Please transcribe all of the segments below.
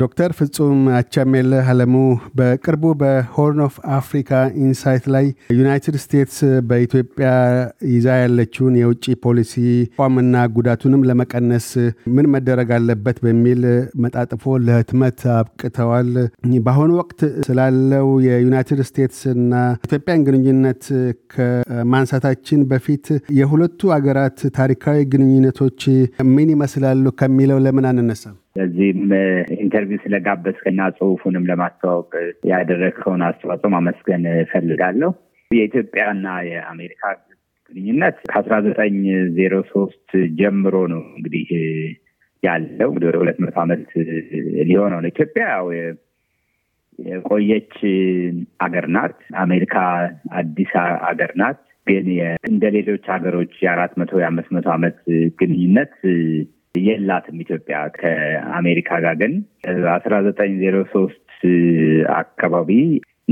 ዶክተር ፍጹም አቻሜል አለሙ በቅርቡ በሆርን ኦፍ አፍሪካ ኢንሳይት ላይ ዩናይትድ ስቴትስ በኢትዮጵያ ይዛ ያለችውን የውጭ ፖሊሲ አቋምና ጉዳቱንም ለመቀነስ ምን መደረግ አለበት በሚል መጣጥፎ ለህትመት አብቅተዋል። በአሁኑ ወቅት ስላለው የዩናይትድ ስቴትስ እና ኢትዮጵያን ግንኙነት ከማንሳታችን በፊት የሁለቱ አገራት ታሪካዊ ግንኙነቶች ምን ይመስላሉ ከሚለው ለምን አንነሳም? በዚህም ኢንተርቪው ስለጋበዝክና ጽሁፉንም ለማስተዋወቅ ያደረግከውን አስተዋጽኦ ማመስገን እፈልጋለሁ። የኢትዮጵያና የአሜሪካ ግንኙነት ከአስራ ዘጠኝ ዜሮ ሶስት ጀምሮ ነው እንግዲህ ያለው እንግዲህ ወደ ሁለት መቶ ዓመት ሊሆነው ነው። ኢትዮጵያ የቆየች አገር ናት። አሜሪካ አዲስ አገር ናት። ግን እንደ ሌሎች ሀገሮች የአራት መቶ የአምስት መቶ ዓመት ግንኙነት የላትም ኢትዮጵያ። ከአሜሪካ ጋር ግን አስራ ዘጠኝ ዜሮ ሶስት አካባቢ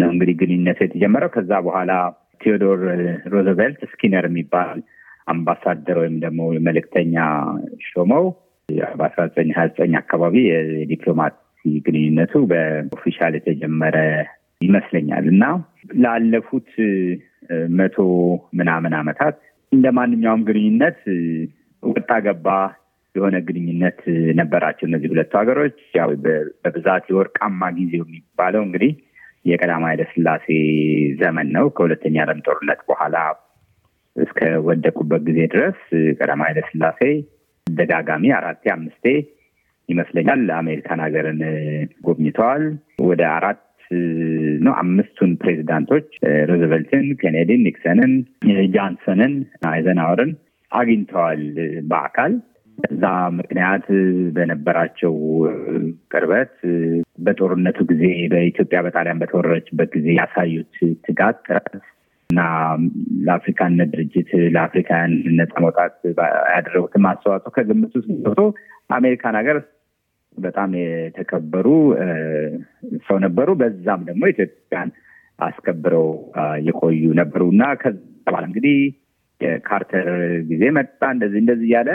ነው እንግዲህ ግንኙነቱ የተጀመረው። ከዛ በኋላ ቴዎዶር ሮዘቬልት ስኪነር የሚባል አምባሳደር ወይም ደግሞ መልእክተኛ ሾመው በአስራ ዘጠኝ ሀያ ዘጠኝ አካባቢ የዲፕሎማሲ ግንኙነቱ በኦፊሻል የተጀመረ ይመስለኛል እና ላለፉት መቶ ምናምን ዓመታት እንደ ማንኛውም ግንኙነት ወጣ ገባ የሆነ ግንኙነት ነበራቸው እነዚህ ሁለቱ ሀገሮች። ያው በብዛት የወርቃማ ጊዜው የሚባለው እንግዲህ የቀዳማ ኃይለ ዘመን ነው። ከሁለተኛ ዓለም ጦርነት በኋላ እስከ ወደቁበት ጊዜ ድረስ ቀዳማ ኃይለ ደጋጋሚ አራቴ አምስቴ ይመስለኛል አሜሪካን ሀገርን ጎብኝተዋል። ወደ አራት ነው አምስቱን ፕሬዚዳንቶች ሮዘቨልትን፣ ኬኔዲን፣ ኒክሰንን፣ ጃንሰንን፣ አይዘናወርን አግኝተዋል በአካል በዛ ምክንያት በነበራቸው ቅርበት በጦርነቱ ጊዜ በኢትዮጵያ በጣሊያን በተወረረችበት ጊዜ ያሳዩት ትጋት፣ ጥረት እና ለአፍሪካነት ድርጅት ለአፍሪካውያን ነፃ መውጣት ያደረጉትም አስተዋጽኦ ከግምት ውስጥ ገብቶ አሜሪካን ሀገር በጣም የተከበሩ ሰው ነበሩ። በዛም ደግሞ ኢትዮጵያን አስከብረው የቆዩ ነበሩ እና ከዛ በኋላ እንግዲህ የካርተር ጊዜ መጣ እንደዚህ እንደዚህ እያለ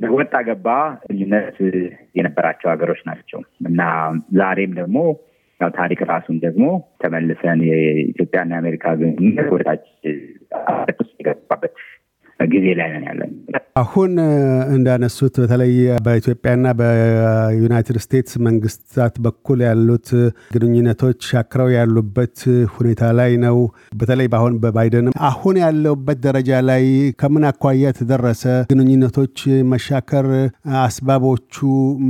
በወጣ ገባ ልዩነት የነበራቸው ሀገሮች ናቸው እና ዛሬም ደግሞ ያው ታሪክ ራሱን ደግሞ ተመልሰን የኢትዮጵያና የአሜሪካ ግንኙነት ወደታች ውስጥ የገባበት ጊዜ ላይ ነን ያለን። አሁን እንዳነሱት በተለይ በኢትዮጵያና በዩናይትድ ስቴትስ መንግስታት በኩል ያሉት ግንኙነቶች ሻክረው ያሉበት ሁኔታ ላይ ነው። በተለይ በአሁን በባይደንም አሁን ያለውበት ደረጃ ላይ ከምን አኳያ ተደረሰ? ግንኙነቶች መሻከር አስባቦቹ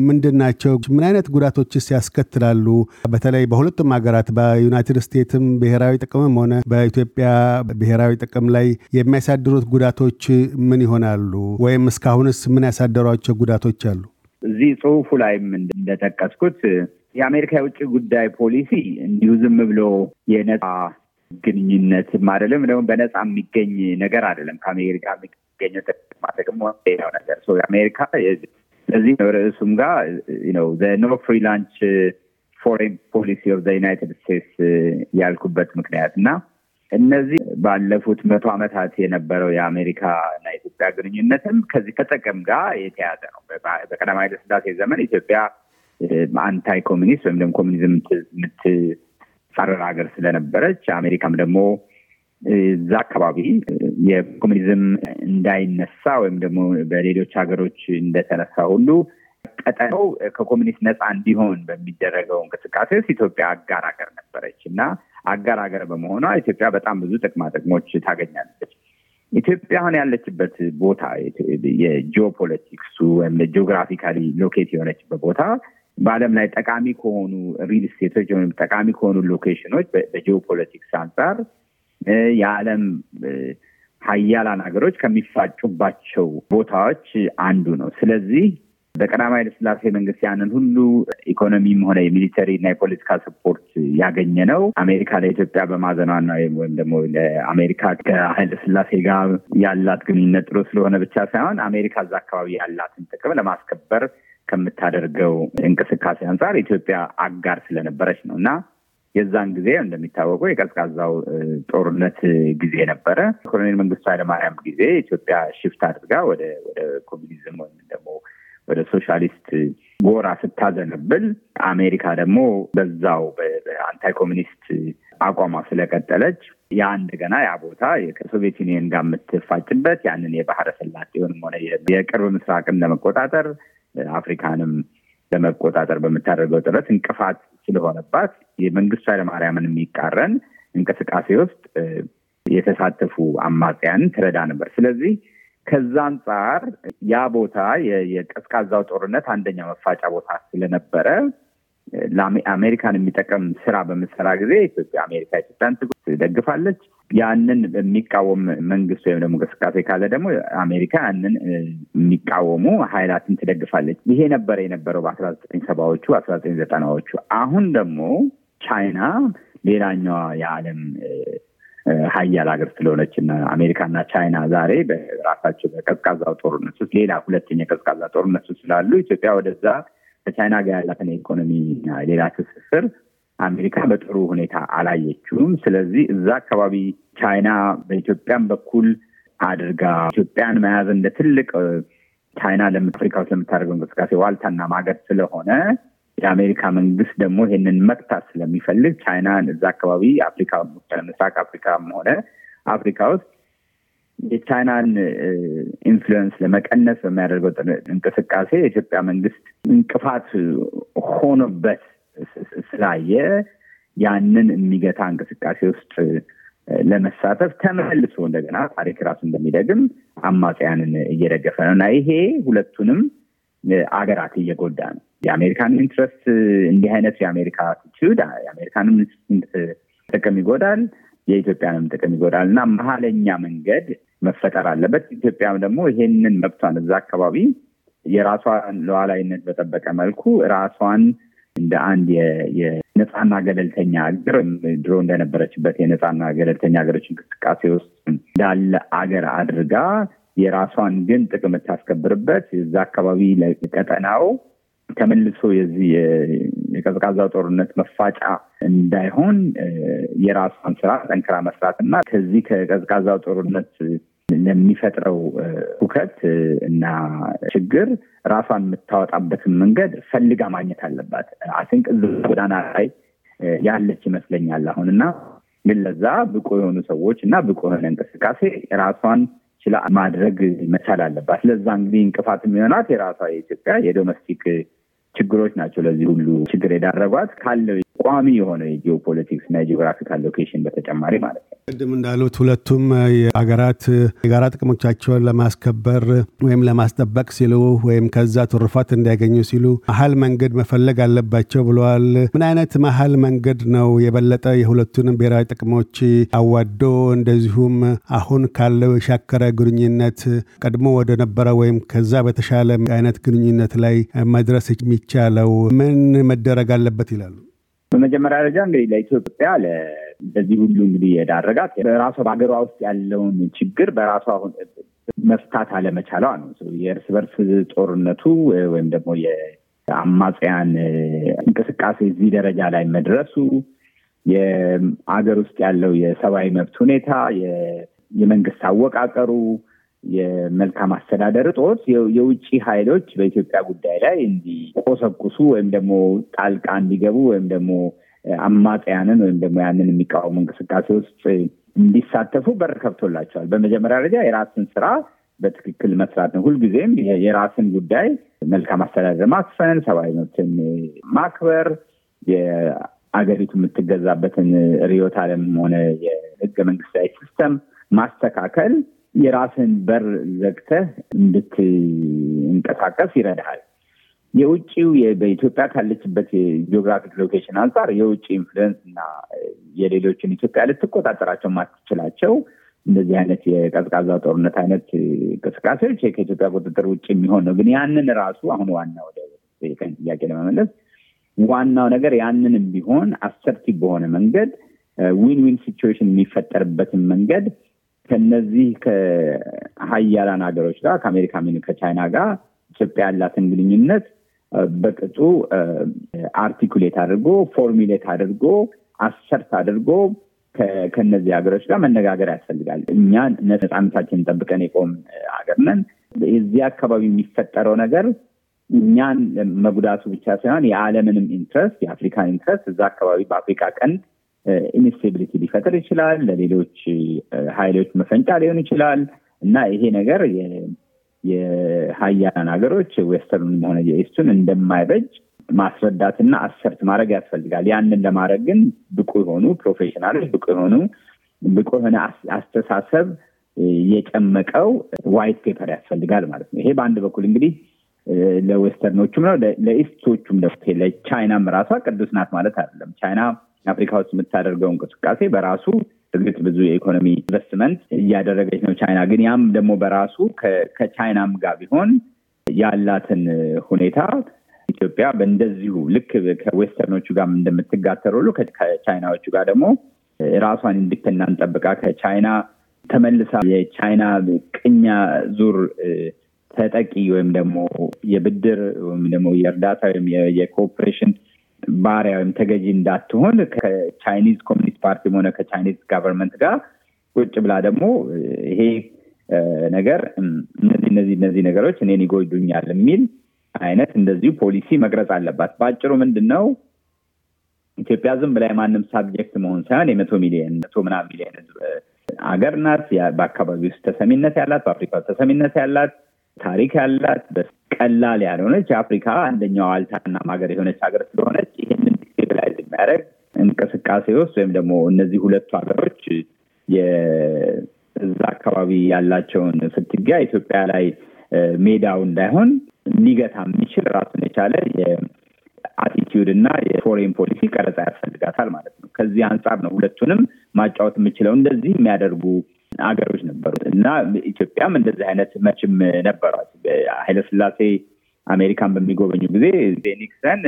ምንድን ናቸው? ምን አይነት ጉዳቶችስ ያስከትላሉ? በተለይ በሁለቱም ሀገራት በዩናይትድ ስቴትስም ብሔራዊ ጥቅምም ሆነ በኢትዮጵያ ብሔራዊ ጥቅም ላይ የሚያሳድሩት ጉዳቶች ጉዳቶች ምን ይሆናሉ? ወይም እስካሁንስ ምን ያሳደሯቸው ጉዳቶች አሉ? እዚህ ጽሁፉ ላይም እንደጠቀስኩት የአሜሪካ የውጭ ጉዳይ ፖሊሲ እንዲሁ ዝም ብሎ የነፃ ግንኙነት አይደለም፣ ደግሞ በነፃ የሚገኝ ነገር አደለም ከአሜሪካ የሚገኘው ጥቅም ሌላው ነገር አሜሪካ ለዚህ ነው ርዕሱም ጋር ነው ኖ ፍሪ ፎሬን ፖሊሲ ኦፍ ዩናይትድ ስቴትስ ያልኩበት ምክንያት እና እነዚህ ባለፉት መቶ ዓመታት የነበረው የአሜሪካ እና የኢትዮጵያ ግንኙነትም ከዚህ ከጥቅም ጋር የተያዘ ነው። በቀዳማዊ ኃይለ ሥላሴ ዘመን ኢትዮጵያ አንታይ ኮሚኒስት ወይም ደግሞ ኮሚኒዝም የምትጻረር ሀገር ስለነበረች አሜሪካም ደግሞ እዛ አካባቢ የኮሚኒዝም እንዳይነሳ ወይም ደግሞ በሌሎች ሀገሮች እንደተነሳ ሁሉ ቀጠናው ከኮሚኒስት ነፃ እንዲሆን በሚደረገው እንቅስቃሴ ውስጥ ኢትዮጵያ አጋር ሀገር ነበረች እና አጋር ሀገር በመሆኗ ኢትዮጵያ በጣም ብዙ ጥቅማ ጥቅሞች ታገኛለች። ኢትዮጵያ አሁን ያለችበት ቦታ የጂኦፖለቲክሱ ወይም ጂኦግራፊካሊ ሎኬት የሆነችበት ቦታ በአለም ላይ ጠቃሚ ከሆኑ ሪል ስቴቶች ወይም ጠቃሚ ከሆኑ ሎኬሽኖች በጂኦፖለቲክስ አንጻር የዓለም ሀያላን ሀገሮች ከሚፋጩባቸው ቦታዎች አንዱ ነው። ስለዚህ በቀዳማዊ ኃይለ ሥላሴ መንግስት ያንን ሁሉ ኢኮኖሚም ሆነ የሚሊተሪ እና የፖለቲካ ሰፖርት ያገኘ ነው። አሜሪካ ለኢትዮጵያ በማዘኗና ወይም ደግሞ አሜሪካ ከኃይለ ሥላሴ ጋር ያላት ግንኙነት ጥሩ ስለሆነ ብቻ ሳይሆን አሜሪካ እዛ አካባቢ ያላትን ጥቅም ለማስከበር ከምታደርገው እንቅስቃሴ አንጻር ኢትዮጵያ አጋር ስለነበረች ነው እና የዛን ጊዜ እንደሚታወቀው የቀዝቃዛው ጦርነት ጊዜ ነበረ። ኮሎኔል መንግስቱ ኃይለማርያም ጊዜ ኢትዮጵያ ሽፍት አድርጋ ወደ ኮሚኒዝም ወይም ደግሞ ወደ ሶሻሊስት ጎራ ስታዘነብል አሜሪካ ደግሞ በዛው በአንታይ ኮሚኒስት አቋሟ ስለቀጠለች ያ እንደገና ያ ቦታ ከሶቪየት ዩኒየን ጋር የምትፋጭበት ያንን የባህረ ሰላጤውንም ሆነ የቅርብ ምስራቅን ለመቆጣጠር አፍሪካንም ለመቆጣጠር በምታደርገው ጥረት እንቅፋት ስለሆነባት የመንግስቱ ኃይለማርያምን የሚቃረን እንቅስቃሴ ውስጥ የተሳተፉ አማጽያንን ትረዳ ነበር። ስለዚህ ከዛ አንጻር ያ ቦታ የቀዝቃዛው ጦርነት አንደኛ መፋጫ ቦታ ስለነበረ ለአሜሪካን የሚጠቀም ስራ በምሰራ ጊዜ ኢትዮጵያ አሜሪካ ኢትዮጵያን ትደግፋለች። ያንን የሚቃወም መንግስት ወይም ደግሞ እንቅስቃሴ ካለ ደግሞ አሜሪካ ያንን የሚቃወሙ ኃይላትን ትደግፋለች። ይሄ ነበረ የነበረው በአስራ ዘጠኝ ሰባዎቹ አስራ ዘጠኝ ዘጠናዎቹ። አሁን ደግሞ ቻይና ሌላኛዋ የዓለም ሀያል ሀገር ስለሆነች አሜሪካና ቻይና ዛሬ በራሳቸው በቀዝቃዛው ጦርነት ውስጥ ሌላ ሁለተኛ የቀዝቃዛ ጦርነት ውስጥ ስላሉ ኢትዮጵያ ወደዛ ከቻይና ጋር ያላትን የኢኮኖሚ ሌላ ትስስር አሜሪካ በጥሩ ሁኔታ አላየችውም። ስለዚህ እዛ አካባቢ ቻይና በኢትዮጵያን በኩል አድርጋ ኢትዮጵያን መያዝ እንደ ትልቅ ቻይና ለአፍሪካ ውስጥ ለምታደርገው እንቅስቃሴ ዋልታና ማገር ስለሆነ የአሜሪካ መንግስት ደግሞ ይሄንን መቅታት ስለሚፈልግ ቻይናን እዛ አካባቢ አፍሪካ ምስራቅ አፍሪካም ሆነ አፍሪካ ውስጥ የቻይናን ኢንፍሉዌንስ ለመቀነስ በሚያደርገው እንቅስቃሴ የኢትዮጵያ መንግስት እንቅፋት ሆኖበት ስላየ ያንን የሚገታ እንቅስቃሴ ውስጥ ለመሳተፍ ተመልሶ እንደገና ታሪክ ራሱ እንደሚደግም አማጽያንን እየደገፈ ነው እና ይሄ ሁለቱንም አገራት እየጎዳ ነው። የአሜሪካን ኢንትረስት እንዲህ አይነት የአሜሪካ አቲቲዩድ የአሜሪካንም ጥቅም ይጎዳል፣ የኢትዮጵያንም ጥቅም ይጎዳል እና መሀለኛ መንገድ መፈጠር አለበት። ኢትዮጵያም ደግሞ ይሄንን መብቷን እዛ አካባቢ የራሷን ለዋላይነት በጠበቀ መልኩ ራሷን እንደ አንድ የነፃና ገለልተኛ ሀገር ድሮ እንደነበረችበት የነፃና ገለልተኛ ሀገሮች እንቅስቃሴ ውስጥ እንዳለ አገር አድርጋ የራሷን ግን ጥቅም የምታስከብርበት እዛ አካባቢ ለቀጠናው ተመልሶ የዚህ የቀዝቃዛ ጦርነት መፋጫ እንዳይሆን የራሷን ስራ ጠንክራ መስራት እና ከዚህ ከቀዝቃዛ ጦርነት ለሚፈጥረው ሁከት እና ችግር ራሷን የምታወጣበትን መንገድ ፈልጋ ማግኘት አለባት። አስንቅ ጎዳና ላይ ያለች ይመስለኛል አሁን እና ግን ለዛ ብቁ የሆኑ ሰዎች እና ብቁ የሆነ እንቅስቃሴ ራሷን ችላ ማድረግ መቻል አለባት። ለዛ እንግዲህ እንቅፋት የሚሆናት የራሷ የኢትዮጵያ የዶመስቲክ ችግሮች ናቸው ለዚህ ሁሉ ችግር የዳረጓት ካለው ቋሚ የሆነ የጂኦፖለቲክስ እና የጂኦግራፊካል ሎኬሽን በተጨማሪ ማለት ነው። ቅድም እንዳሉት ሁለቱም የሀገራት የጋራ ጥቅሞቻቸውን ለማስከበር ወይም ለማስጠበቅ ሲሉ ወይም ከዛ ትሩፋት እንዲያገኙ ሲሉ መሀል መንገድ መፈለግ አለባቸው ብለዋል። ምን አይነት መሀል መንገድ ነው የበለጠ የሁለቱንም ብሔራዊ ጥቅሞች አዋዶ እንደዚሁም አሁን ካለው የሻከረ ግንኙነት ቀድሞ ወደ ነበረ ወይም ከዛ በተሻለ አይነት ግንኙነት ላይ መድረስ የሚቻለው ምን መደረግ አለበት ይላሉ? በመጀመሪያ ደረጃ እንግዲህ ለኢትዮጵያ ለዚህ ሁሉ እንግዲህ የዳረጋት በራሷ በሀገሯ ውስጥ ያለውን ችግር በራሷ መፍታት አለመቻሏ ነው። የእርስ በርስ ጦርነቱ ወይም ደግሞ የአማጽያን እንቅስቃሴ እዚህ ደረጃ ላይ መድረሱ፣ የአገር ውስጥ ያለው የሰብአዊ መብት ሁኔታ፣ የመንግስት አወቃቀሩ የመልካም አስተዳደር ጦት የውጭ ኃይሎች በኢትዮጵያ ጉዳይ ላይ እንዲቆሰቁሱ ወይም ደግሞ ጣልቃ እንዲገቡ ወይም ደግሞ አማጽያንን ወይም ደግሞ ያንን የሚቃወሙ እንቅስቃሴ ውስጥ እንዲሳተፉ በር ከብቶላቸዋል። በመጀመሪያ ደረጃ የራስን ስራ በትክክል መስራት ነው። ሁልጊዜም የራስን ጉዳይ መልካም አስተዳደር ማስፈን፣ ሰብአዊ መብትን ማክበር፣ የአገሪቱ የምትገዛበትን ርዕዮተ ዓለም ሆነ የህገ መንግስታዊ ሲስተም ማስተካከል የራስን በር ዘግተህ እንድትንቀሳቀስ ይረዳሃል። የውጭው በኢትዮጵያ ካለችበት ጂኦግራፊክ ሎኬሽን አንጻር የውጭ ኢንፍሉዌንስ እና የሌሎችን ኢትዮጵያ ልትቆጣጠራቸው ማትችላቸው እንደዚህ አይነት የቀዝቃዛ ጦርነት አይነት እንቅስቃሴዎች ከኢትዮጵያ ቁጥጥር ውጭ የሚሆን ነው። ግን ያንን ራሱ አሁን ዋና ወደ ቀን ጥያቄ ለመመለስ ዋናው ነገር ያንንም ቢሆን አሰርቲቭ በሆነ መንገድ ዊን ዊን ሲትዌሽን የሚፈጠርበትን መንገድ ከነዚህ ከሀያላን ሀገሮች ጋር ከአሜሪካ ከቻይና ጋር ኢትዮጵያ ያላትን ግንኙነት በቅጡ አርቲኩሌት አድርጎ ፎርሚሌት አድርጎ አሰርት አድርጎ ከነዚህ ሀገሮች ጋር መነጋገር ያስፈልጋል። እኛ ነፃነታችንን ጠብቀን የቆም ሀገር ነን። የዚህ አካባቢ የሚፈጠረው ነገር እኛን መጉዳቱ ብቻ ሳይሆን የዓለምንም ኢንትረስት የአፍሪካን ኢንትረስት እዛ አካባቢ በአፍሪካ ቀንድ ኢንስቴብሊቲ eh, ሊፈጥር ይችላል። ለሌሎች ሀይሎች eh, መፈንጫ ሊሆን ይችላል እና ይሄ ነገር የሀያላን ሀገሮች ዌስተርን ሆነ የኢስቱን እንደማይበጅ ማስረዳትና አሰርት ማድረግ ያስፈልጋል። ያንን ለማድረግ ግን ብቁ የሆኑ ፕሮፌሽናሎች፣ ብቁ የሆኑ ብቁ የሆነ አስተሳሰብ የጨመቀው ዋይት ፔፐር ያስፈልጋል ማለት ነው። ይሄ በአንድ በኩል እንግዲህ eh, ለዌስተርኖቹም ነው ለኢስቶቹም ለቻይናም ራሷ ቅዱስ ናት ማለት አይደለም። ቻይና አፍሪካ ውስጥ የምታደርገው እንቅስቃሴ በራሱ እርግጥ ብዙ የኢኮኖሚ ኢንቨስትመንት እያደረገች ነው ቻይና። ግን ያም ደግሞ በራሱ ከቻይናም ጋር ቢሆን ያላትን ሁኔታ ኢትዮጵያ በእንደዚሁ ልክ ከዌስተርኖቹ ጋር እንደምትጋተር ሁሉ ከቻይናዎቹ ጋር ደግሞ ራሷን ኢንዲፔንዳንት ጠብቃ ከቻይና ተመልሳ የቻይና ቅኛ ዙር ተጠቂ ወይም ደግሞ የብድር ወይም ደግሞ የእርዳታ ወይም የኮኦፕሬሽን ባሪያ ወይም ተገዢ እንዳትሆን ከቻይኒዝ ኮሚኒስት ፓርቲም ሆነ ከቻይኒዝ ጋቨርንመንት ጋር ቁጭ ብላ ደግሞ ይሄ ነገር እነዚህ እነዚህ እነዚህ ነገሮች እኔን ይጎዱኛል የሚል አይነት እንደዚሁ ፖሊሲ መቅረጽ አለባት። በአጭሩ ምንድን ነው ኢትዮጵያ ዝም ብላይ ማንም ሳብጀክት መሆን ሳይሆን የመቶ ሚሊዮን መቶ ምናምን ሚሊዮን ህዝብ አገር ናት። በአካባቢ ውስጥ ተሰሚነት ያላት፣ በአፍሪካ ውስጥ ተሰሚነት ያላት ታሪክ ያላት በቀላል ያልሆነች የአፍሪካ አንደኛው አልታና ሀገር የሆነች ሀገር ስለሆነች ይህንን ዲስቴብላይዝ የሚያደረግ እንቅስቃሴ ውስጥ ወይም ደግሞ እነዚህ ሁለቱ ሀገሮች የዛ አካባቢ ያላቸውን ፍትጊያ ኢትዮጵያ ላይ ሜዳው እንዳይሆን ሊገታ የሚችል ራሱን የቻለ የአቲቲዩድ እና የፎሬን ፖሊሲ ቀረጻ ያስፈልጋታል ማለት ነው። ከዚህ አንጻር ነው ሁለቱንም ማጫወት የምችለው እንደዚህ የሚያደርጉ አገሮች ነበሩ እና ኢትዮጵያም እንደዚህ አይነት መችም ነበሯት። ኃይለስላሴ አሜሪካን በሚጎበኙ ጊዜ ኒክሰን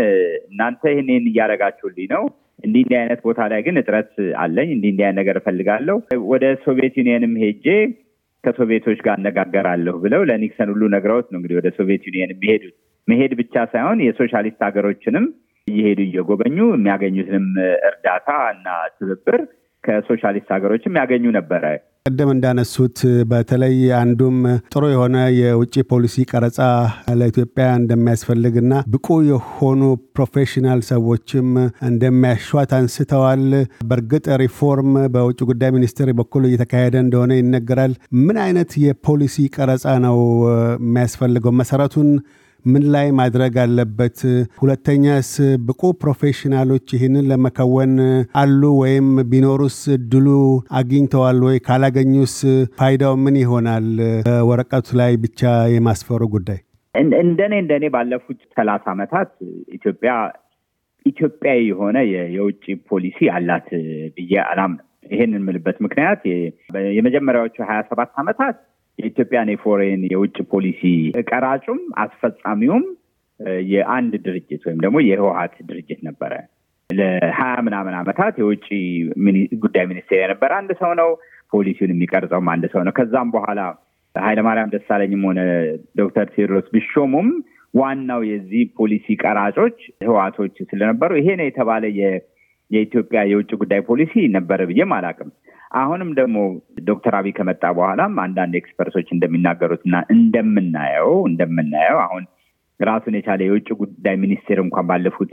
እናንተ ይህንን እያደረጋችሁልኝ ነው እንዲህ እንዲህ አይነት ቦታ ላይ ግን እጥረት አለኝ፣ እንዲህ እንዲህ አይነት ነገር እፈልጋለሁ፣ ወደ ሶቪየት ዩኒየንም ሄጄ ከሶቪየቶች ጋር አነጋገራለሁ ብለው ለኒክሰን ሁሉ ነግረውት ነው እንግዲህ ወደ ሶቪየት ዩኒየን የሚሄዱት። መሄድ ብቻ ሳይሆን የሶሻሊስት ሀገሮችንም እየሄዱ እየጎበኙ የሚያገኙትንም እርዳታ እና ትብብር ከሶሻሊስት ሀገሮችም ያገኙ ነበረ። ቀደም እንዳነሱት በተለይ አንዱም ጥሩ የሆነ የውጭ ፖሊሲ ቀረጻ ለኢትዮጵያ እንደሚያስፈልግና ብቁ የሆኑ ፕሮፌሽናል ሰዎችም እንደሚያሿት አንስተዋል። በእርግጥ ሪፎርም በውጭ ጉዳይ ሚኒስቴር በኩል እየተካሄደ እንደሆነ ይነገራል። ምን አይነት የፖሊሲ ቀረጻ ነው የሚያስፈልገው መሰረቱን ምን ላይ ማድረግ አለበት? ሁለተኛስ ብቁ ፕሮፌሽናሎች ይህንን ለመከወን አሉ ወይም ቢኖሩስ እድሉ አግኝተዋል ወይ? ካላገኙስ ፋይዳው ምን ይሆናል? ወረቀቱ ላይ ብቻ የማስፈሩ ጉዳይ እንደኔ እንደኔ ባለፉት ሰላሳ ዓመታት ኢትዮጵያ ኢትዮጵያዊ የሆነ የውጭ ፖሊሲ አላት ብዬ አላምንም። ይሄን የምልበት ምክንያት የመጀመሪያዎቹ ሀያ ሰባት ዓመታት የኢትዮጵያን የፎሬን የውጭ ፖሊሲ ቀራጩም አስፈጻሚውም የአንድ ድርጅት ወይም ደግሞ የህወሀት ድርጅት ነበረ። ለሀያ ምናምን ዓመታት የውጭ ጉዳይ ሚኒስቴር የነበረ አንድ ሰው ነው። ፖሊሲውን የሚቀርጸውም አንድ ሰው ነው። ከዛም በኋላ ኃይለማርያም ደሳለኝም ሆነ ዶክተር ቴዎድሮስ ቢሾሙም ዋናው የዚህ ፖሊሲ ቀራጮች ህወሀቶች ስለነበሩ ይሄ ነው የተባለ የኢትዮጵያ የውጭ ጉዳይ ፖሊሲ ነበረ ብዬም አላውቅም። አሁንም ደግሞ ዶክተር አብይ ከመጣ በኋላም አንዳንድ ኤክስፐርቶች እንደሚናገሩትና እንደምናየው እንደምናየው አሁን ራሱን የቻለ የውጭ ጉዳይ ሚኒስቴር እንኳን ባለፉት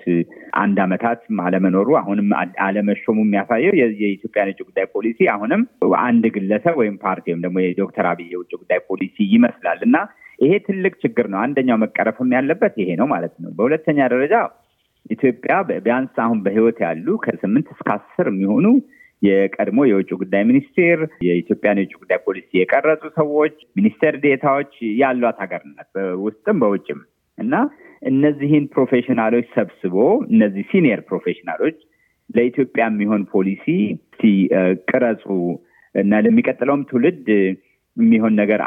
አንድ ዓመታት አለመኖሩ አሁንም አለመሾሙ የሚያሳየው የኢትዮጵያን የውጭ ጉዳይ ፖሊሲ አሁንም አንድ ግለሰብ ወይም ፓርቲ ወይም ደግሞ የዶክተር አብይ የውጭ ጉዳይ ፖሊሲ ይመስላል እና ይሄ ትልቅ ችግር ነው። አንደኛው መቀረፍም ያለበት ይሄ ነው ማለት ነው። በሁለተኛ ደረጃ ኢትዮጵያ ቢያንስ አሁን በህይወት ያሉ ከስምንት እስከ አስር የሚሆኑ የቀድሞ የውጭ ጉዳይ ሚኒስቴር የኢትዮጵያን የውጭ ጉዳይ ፖሊሲ የቀረጹ ሰዎች፣ ሚኒስቴር ዴታዎች ያሏት ሀገር ናት በውጭም እና እነዚህን ፕሮፌሽናሎች ሰብስቦ እነዚህ ሲኒየር ፕሮፌሽናሎች ለኢትዮጵያ የሚሆን ፖሊሲ ቅረጹ እና ለሚቀጥለውም ትውልድ የሚሆን ነገር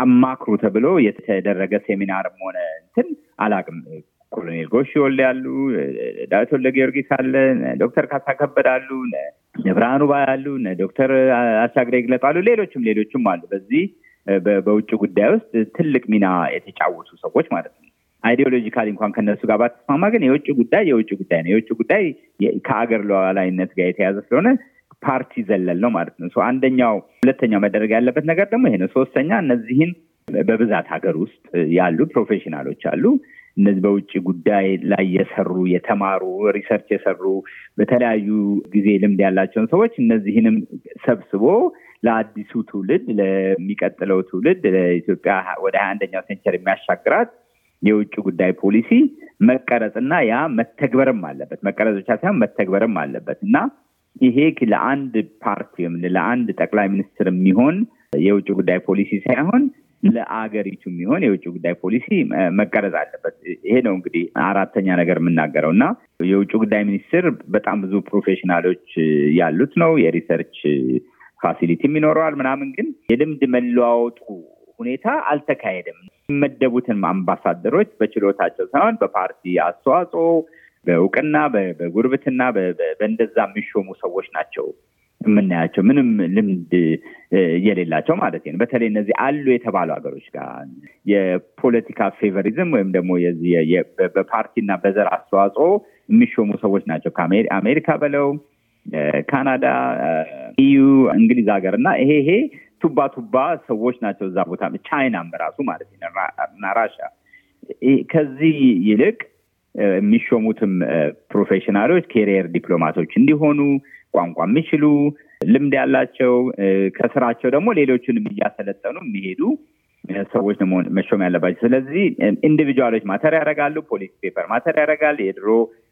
አማክሩ ተብሎ የተደረገ ሴሚናርም ሆነ እንትን አላቅም ኮሎኔል ጎሽ ወልዴ ያሉ፣ ዳዊት ወልደ ጊዮርጊስ አለ፣ ዶክተር ካሳ ከበድ አሉ፣ ብርሃኑ ባ አሉ፣ ዶክተር አሳግዳይ ግለጥ አሉ፣ ሌሎችም ሌሎችም አሉ። በዚህ በውጭ ጉዳይ ውስጥ ትልቅ ሚና የተጫወቱ ሰዎች ማለት ነው። አይዲዮሎጂካሊ እንኳን ከነሱ ጋር ባትስማማ ግን የውጭ ጉዳይ የውጭ ጉዳይ ነው። የውጭ ጉዳይ ከአገር ሉዓላዊነት ጋር የተያዘ ስለሆነ ፓርቲ ዘለል ነው ማለት ነው። አንደኛው ሁለተኛው መደረግ ያለበት ነገር ደግሞ ይሄ ነው። ሶስተኛ እነዚህን በብዛት ሀገር ውስጥ ያሉ ፕሮፌሽናሎች አሉ እነዚህ በውጭ ጉዳይ ላይ የሰሩ የተማሩ ሪሰርች የሰሩ በተለያዩ ጊዜ ልምድ ያላቸውን ሰዎች እነዚህንም ሰብስቦ ለአዲሱ ትውልድ ለሚቀጥለው ትውልድ ለኢትዮጵያ ወደ ሀያ አንደኛው ሴንቸር የሚያሻግራት የውጭ ጉዳይ ፖሊሲ መቀረጽና ያ መተግበርም አለበት። መቀረጽ ብቻ ሳይሆን መተግበርም አለበት እና ይሄ ለአንድ ፓርቲ ወይም ለአንድ ጠቅላይ ሚኒስትር የሚሆን የውጭ ጉዳይ ፖሊሲ ሳይሆን ለአገሪቱ የሚሆን የውጭ ጉዳይ ፖሊሲ መቀረጽ አለበት። ይሄ ነው እንግዲህ አራተኛ ነገር የምናገረው እና የውጭ ጉዳይ ሚኒስትር በጣም ብዙ ፕሮፌሽናሎች ያሉት ነው። የሪሰርች ፋሲሊቲም ይኖረዋል ምናምን፣ ግን የልምድ መለዋወጡ ሁኔታ አልተካሄደም። የሚመደቡትን አምባሳደሮች በችሎታቸው ሳይሆን በፓርቲ አስተዋጽኦ፣ በእውቅና፣ በጉርብትና በእንደዛ የሚሾሙ ሰዎች ናቸው የምናያቸው ምንም ልምድ የሌላቸው ማለት ነው። በተለይ እነዚህ አሉ የተባሉ ሀገሮች ጋር የፖለቲካ ፌቨሪዝም ወይም ደግሞ በፓርቲና በዘር አስተዋጽኦ የሚሾሙ ሰዎች ናቸው። አሜሪካ በለው ካናዳ፣ ኢዩ፣ እንግሊዝ ሀገር እና ይሄ ይሄ ቱባ ቱባ ሰዎች ናቸው እዛ ቦታ ቻይናም ራሱ ማለት እና ራሻ ከዚህ ይልቅ የሚሾሙትም ፕሮፌሽናሎች ኬሪየር ዲፕሎማቶች እንዲሆኑ ቋንቋ የሚችሉ ልምድ ያላቸው ከስራቸው ደግሞ ሌሎችንም እያሰለጠኑ የሚሄዱ ሰዎች ደግሞ መሾም ያለባቸው። ስለዚህ ኢንዲቪጁዋሎች ማተር ያደርጋሉ። ፖሊሲ ፔፐር ማተር ያደርጋል። የድሮ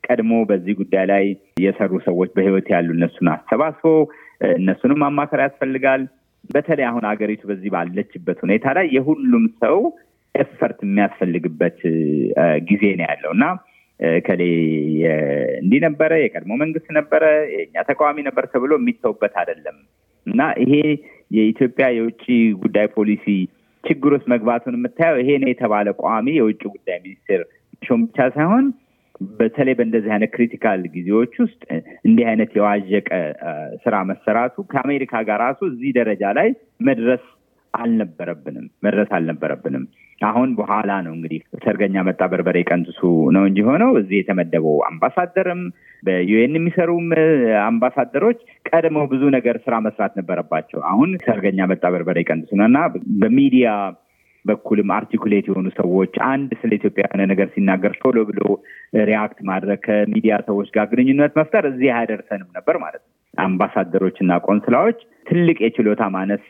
ቀድሞ በዚህ ጉዳይ ላይ የሰሩ ሰዎች በህይወት ያሉ እነሱን አሰባስቦ እነሱንም ማማከር ያስፈልጋል። በተለይ አሁን ሀገሪቱ በዚህ ባለችበት ሁኔታ ላይ የሁሉም ሰው ኤፈርት የሚያስፈልግበት ጊዜ ነው ያለው እና ከሌ እንዲህ ነበረ፣ የቀድሞ መንግስት ነበረ፣ የኛ ተቃዋሚ ነበር ተብሎ የሚተውበት አይደለም እና ይሄ የኢትዮጵያ የውጭ ጉዳይ ፖሊሲ ችግር ውስጥ መግባቱን የምታየው ይሄ ነው የተባለ ቋሚ የውጭ ጉዳይ ሚኒስቴር ሾም ብቻ ሳይሆን በተለይ በእንደዚህ አይነት ክሪቲካል ጊዜዎች ውስጥ እንዲህ አይነት የዋዠቀ ስራ መሰራቱ ከአሜሪካ ጋር ራሱ እዚህ ደረጃ ላይ መድረስ አልነበረብንም መድረስ አልነበረብንም። አሁን በኋላ ነው እንግዲህ ሰርገኛ መጣ በርበሬ ቀንጥሱ ነው እንጂ ሆነው እዚህ የተመደበው አምባሳደርም በዩኤን የሚሰሩም አምባሳደሮች ቀድመው ብዙ ነገር ስራ መስራት ነበረባቸው። አሁን ሰርገኛ መጣ በርበሬ ቀንጥሱ ነው እና በሚዲያ በኩልም አርቲኩሌት የሆኑ ሰዎች አንድ ስለ ኢትዮጵያ የሆነ ነገር ሲናገር ቶሎ ብሎ ሪያክት ማድረግ ከሚዲያ ሰዎች ጋር ግንኙነት መፍጠር እዚህ አያደርሰንም ነበር ማለት ነው። አምባሳደሮች እና ቆንስላዎች ትልቅ የችሎታ ማነስ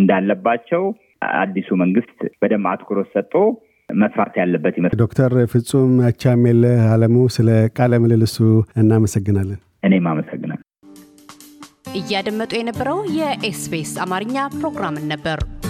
እንዳለባቸው አዲሱ መንግስት በደንብ አትኩሮት ሰጥቶ መስራት ያለበት ይመስል። ዶክተር ፍጹም አቻሜለህ አለሙ ስለ ቃለ ምልልሱ እናመሰግናለን። እኔም አመሰግናል። እያደመጡ የነበረው የኤስቢኤስ አማርኛ ፕሮግራምን ነበር።